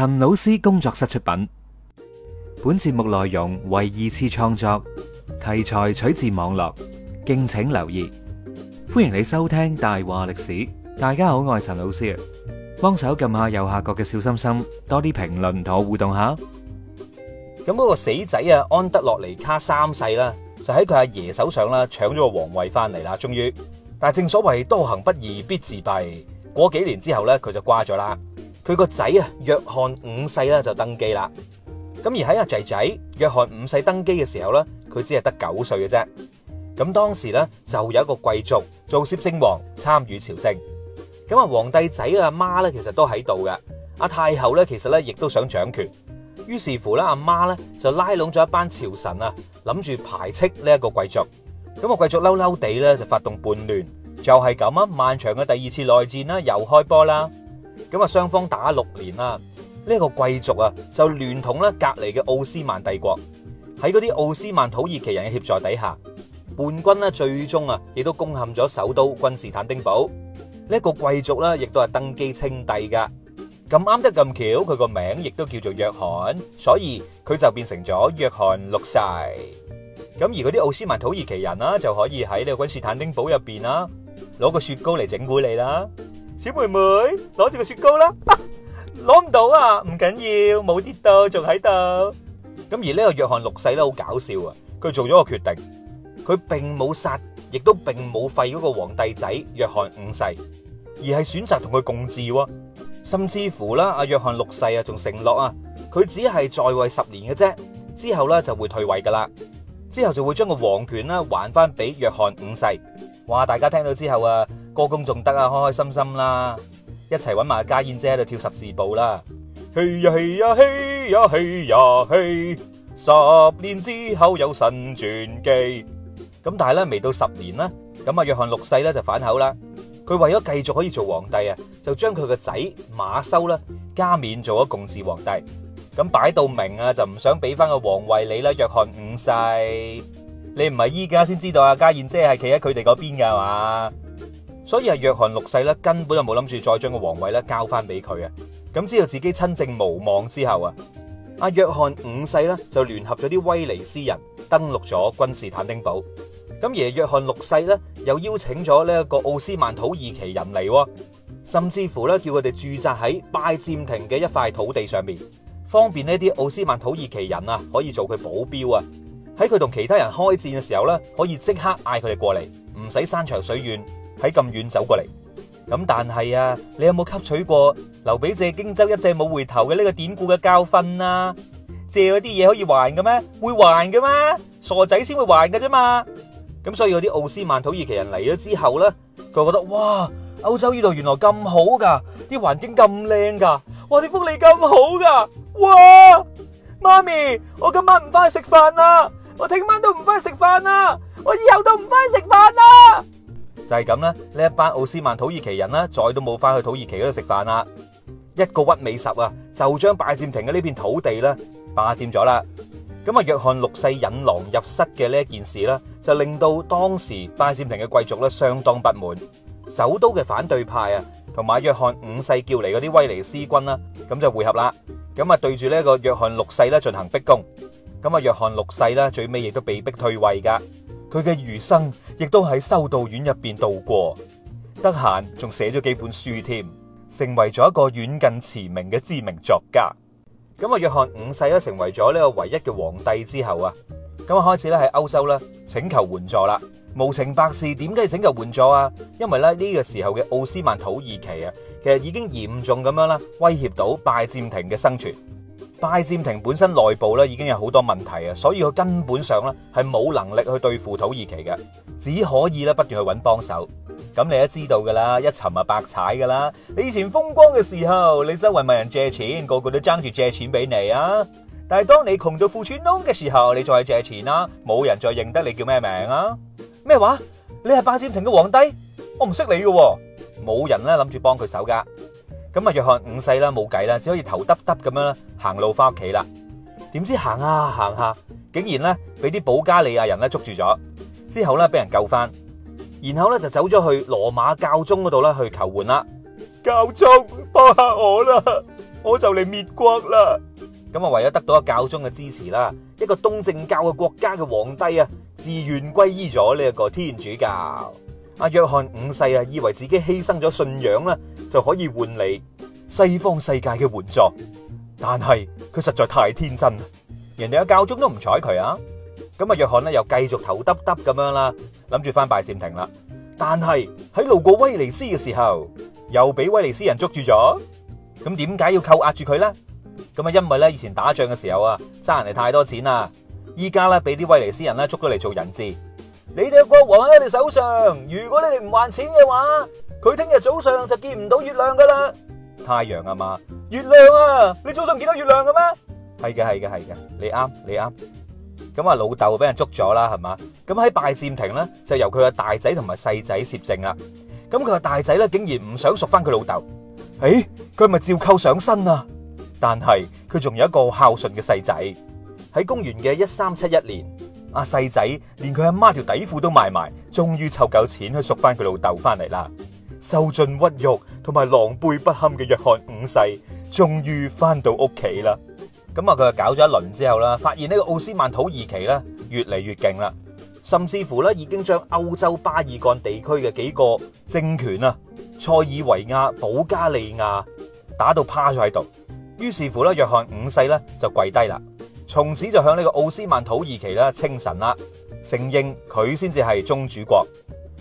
陳老師工作室出品，本節目內容為二次創作，題材取自網絡，敬請留意。歡迎你收聽《大話歷史》，大家好，我係陳老師。幫手撳下右下角嘅小心心，多啲評論同我互動下。咁嗰個死仔啊，安德洛尼卡三世啦，就喺佢阿爺手上啦，搶咗個皇位翻嚟啦，終於。但係正所謂多行不義必自斃，過幾年之後咧，佢就瓜咗啦。佢個仔啊，約翰五世啦就登基啦。咁而喺阿仔仔約翰五世登基嘅時候咧，佢只係得九歲嘅啫。咁當時咧就有一個貴族做攝政王參與朝政。咁啊，皇帝仔嘅阿媽咧其實都喺度嘅。阿太后咧其實咧亦都想掌權。於是乎咧，阿媽咧就拉攏咗一班朝臣啊，諗住排斥呢一個貴族。咁啊，貴族嬲嬲地咧就發動叛亂。就係咁啊，漫長嘅第二次內戰啦，又開波啦。咁啊，雙方打六年啦，呢個貴族啊就聯同咧隔籬嘅奧斯曼帝國。喺嗰啲奧斯曼土耳其人嘅協助底下，叛軍呢最終啊亦都攻陷咗首都君士坦丁堡。呢個貴族呢亦都係登基稱帝噶。咁啱得咁巧，佢個名亦都叫做約翰，所以佢就變成咗約翰六世。咁而嗰啲奧斯曼土耳其人啦，就可以喺呢個君士坦丁堡入邊啦，攞個雪糕嚟整蠱你啦。小妹妹攞住個雪糕啦，攞唔到啊，唔緊要，冇跌到，仲喺度。咁而呢個約翰六世咧好搞笑啊，佢做咗個決定，佢並冇殺，亦都並冇廢嗰個皇帝仔約翰五世，而係選擇同佢共治喎。甚至乎啦，阿約翰六世啊，仲承諾啊，佢只係在位十年嘅啫，之後咧就會退位噶啦，之後就會將個皇權啦還翻俾約翰五世。哇，大家聽到之後啊。歌功仲得啊，開開心心啦，一齊搵埋阿家燕姐喺度跳十字步啦。嘿呀嘿呀嘿呀嘿呀嘿，十年之後有神傳記。咁但係咧，未到十年啦，咁啊約翰六世咧就反口啦。佢為咗繼續可以做皇帝啊，就將佢個仔馬修啦加冕做咗共治皇帝。咁擺到明啊，就唔想俾翻個皇位你啦。約翰五世，你唔係依家先知道阿家燕姐係企喺佢哋嗰邊噶嘛？所以阿約翰六世咧根本就冇諗住再將個皇位咧交翻俾佢啊。咁知道自己親政無望之後啊，阿約翰五世咧就聯合咗啲威尼斯人登陸咗君士坦丁堡。咁而約翰六世咧又邀請咗呢一個奧斯曼土耳其人嚟喎，甚至乎咧叫佢哋駐紮喺拜占庭嘅一塊土地上面，方便呢啲奧斯曼土耳其人啊可以做佢保鏢啊。喺佢同其他人開戰嘅時候咧，可以即刻嗌佢哋過嚟，唔使山長水遠。喺咁遠走過嚟咁，但係啊，你有冇吸取過劉備借荊州，一借冇回頭嘅呢個典故嘅教訓啊？借嗰啲嘢，可以還嘅咩？會還嘅咩？傻仔先會還嘅啫嘛。咁所以有啲奧斯曼土耳其人嚟咗之後咧，佢覺得哇，歐洲呢度原來咁好噶，啲環境咁靚噶，哇，啲福利咁好噶，哇，媽咪，我今晚唔翻去食飯啊！我聽晚都唔翻去食飯啊！我以後都唔翻去食飯啊！飯」就係咁啦，呢一班奧斯曼土耳其人呢，再都冇翻去土耳其嗰度食飯啦，一個屈尾十啊，就將拜占庭嘅呢片土地呢，霸占咗啦。咁啊，約翰六世引狼入室嘅呢一件事呢，就令到當時拜占庭嘅貴族呢，相當不滿，首都嘅反對派啊，同埋約翰五世叫嚟嗰啲威尼斯軍啦，咁就匯合啦，咁啊對住呢個約翰六世呢，進行逼宮。咁啊約翰六世呢，最尾亦都被逼退位噶。佢嘅餘生亦都喺修道院入邊度過，得閒仲寫咗幾本書添，成為咗一個遠近馳名嘅知名作家。咁啊，約翰五世咧成為咗呢個唯一嘅皇帝之後啊，咁啊開始咧喺歐洲咧請求援助啦。無情白事點解請求援助啊？因為咧呢個時候嘅奧斯曼土耳其啊，其實已經嚴重咁樣啦威脅到拜占庭嘅生存。拜占庭本身內部咧已經有好多問題啊，所以佢根本上咧係冇能力去對付土耳其嘅，只可以咧不斷去揾幫手。咁你都知道噶啦，一沉啊白踩噶啦。你以前風光嘅時候，你周圍問人借錢，個個都爭住借錢俾你啊。但係當你窮到褲穿窿嘅時候，你再借錢啦、啊，冇人再認得你叫咩名啊？咩話？你係拜占庭嘅皇帝，我唔識你嘅喎，冇人咧諗住幫佢手噶。咁啊，約翰五世啦，冇計啦，只可以頭耷耷咁樣行路翻屋企啦。點知行下行下，竟然咧俾啲保加利亞人咧捉住咗，之後咧俾人救翻，然後咧就走咗去羅馬教宗嗰度咧去求援啦。教宗幫下我啦，我就嚟滅國啦。咁啊，為咗得到個教宗嘅支持啦，一個東正教嘅國家嘅皇帝啊，自願皈依咗呢個天主教。阿約翰五世啊，以為自己犧牲咗信仰咧，就可以換嚟西方世界嘅援助，但係佢實在太天真，人哋嘅教宗都唔睬佢啊。咁啊，約翰咧又繼續頭耷耷咁樣啦，諗住翻拜占庭啦。但係喺路過威尼斯嘅時候，又俾威尼斯人捉住咗。咁點解要扣押住佢咧？咁啊，因為咧以前打仗嘅時候啊，爭人哋太多錢啦，依家咧俾啲威尼斯人咧捉咗嚟做人質。你哋嘅國王喺我哋手上，如果你哋唔還錢嘅話，佢聽日早上就見唔到月亮噶啦。太陽啊嘛，月亮啊，你早上唔見到月亮噶咩？係嘅，係嘅，係嘅，你啱，你啱。咁啊，老豆俾人捉咗啦，係嘛？咁喺拜占庭咧，就由佢嘅大仔同埋細仔攝政啦。咁佢嘅大仔咧，竟然唔想贖翻佢老豆。誒，佢係咪照扣上身啊？但係佢仲有一個孝順嘅細仔，喺公元嘅一三七一年。阿細仔連佢阿媽條底褲都賣埋，終於湊夠錢去贖翻佢老豆翻嚟啦。受盡屈辱同埋狼狽不堪嘅約翰五世，終於翻到屋企啦。咁啊，佢又搞咗一輪之後啦，發現呢個奧斯曼土耳其咧越嚟越勁啦，甚至乎咧已經將歐洲巴爾幹地區嘅幾個政權啊，塞爾維亞、保加利亞打到趴咗喺度。於是乎咧，約翰五世咧就跪低啦。從此就向呢個奧斯曼土耳其啦稱臣啦，承認佢先至係宗主國。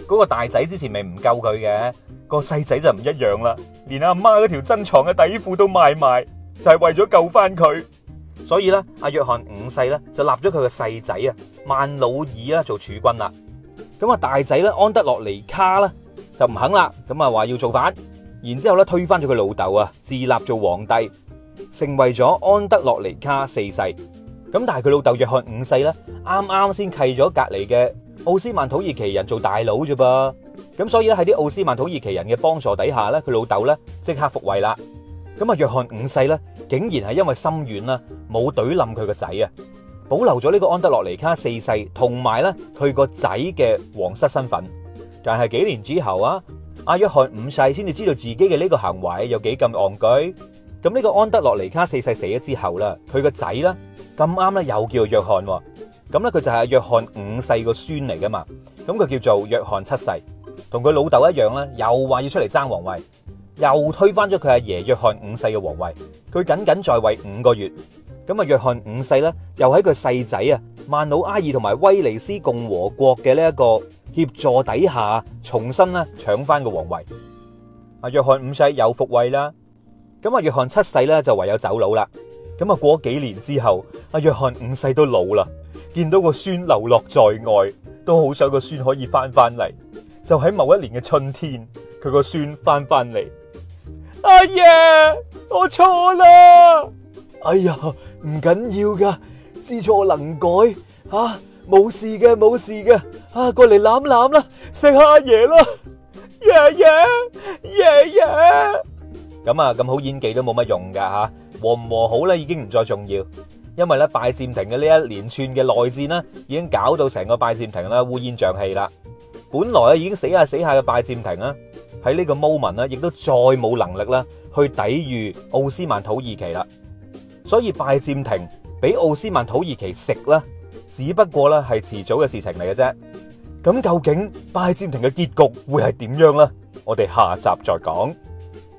嗰個大仔之前咪唔救佢嘅，個細仔就唔一樣啦，連阿媽嗰條珍藏嘅底褲都賣埋，就係為咗救翻佢。所以咧，阿約翰五世咧就立咗佢嘅細仔啊，曼努爾啦做儲君啦。咁啊，大仔咧安德洛尼卡啦就唔肯啦，咁啊話要做反，然之後咧推翻咗佢老豆啊，自立做皇帝，成為咗安德洛尼卡四世。咁但係佢老豆約翰五世咧，啱啱先契咗隔籬嘅奧斯曼土耳其人做大佬啫噃。咁所以咧喺啲奧斯曼土耳其人嘅幫助底下咧，佢老豆咧即刻復位啦。咁啊，約翰五世咧竟然係因為心軟啦，冇懟冧佢個仔啊，保留咗呢個安德洛尼卡四世同埋咧佢個仔嘅皇室身份。但係幾年之後啊，阿約翰五世先至知道自己嘅呢個行為有幾咁戇居。咁呢個安德洛尼卡四世死咗之後咧，佢個仔咧。咁啱咧，又叫做約翰咁咧，佢就係約翰五世個孫嚟噶嘛，咁佢叫做約翰七世，同佢老豆一樣咧，又話要出嚟爭皇位，又推翻咗佢阿爺約翰五世嘅皇位，佢僅僅在位五個月。咁啊約翰五世咧又喺佢細仔啊曼努埃爾同埋威尼斯共和國嘅呢一個協助底下，重新咧搶翻個皇位，啊約翰五世又復位啦，咁啊約翰七世咧就唯有走佬啦。咁啊，過咗幾年之後，阿約翰五世都老啦，見到個孫流落在外，都好想個孫可以翻翻嚟。就喺某一年嘅春天，佢個孫翻翻嚟。阿爺，啊，yeah! 我錯啦！哎呀，唔緊要噶，知錯能改吓，冇、啊、事嘅，冇事嘅。啊，過嚟攬攬啦，食下阿爺啦，爺爺，爺爺。咁啊，咁好演技都冇乜用噶吓。啊和唔和好咧，已經唔再重要，因為咧拜占庭嘅呢一連串嘅內戰咧，已經搞到成個拜占庭啦烏煙瘴氣啦。本來啊已經死下死下嘅拜占庭啊，喺呢個 moment 啊，亦都再冇能力啦去抵禦奧斯曼土耳其啦。所以拜占庭俾奧斯曼土耳其食啦，只不過咧係遲早嘅事情嚟嘅啫。咁究竟拜占庭嘅結局會係點樣咧？我哋下集再講。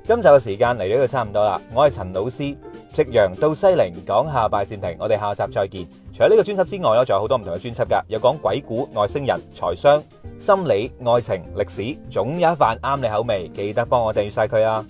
今集嘅時間嚟呢就差唔多啦，我係陳老師。夕陽到西陵，講下拜占庭，我哋下集再見。除咗呢個專輯之外，呢仲有好多唔同嘅專輯噶，有講鬼故、外星人、財商、心理、愛情、歷史，總有一瓣啱你口味。記得幫我訂閱晒佢啊！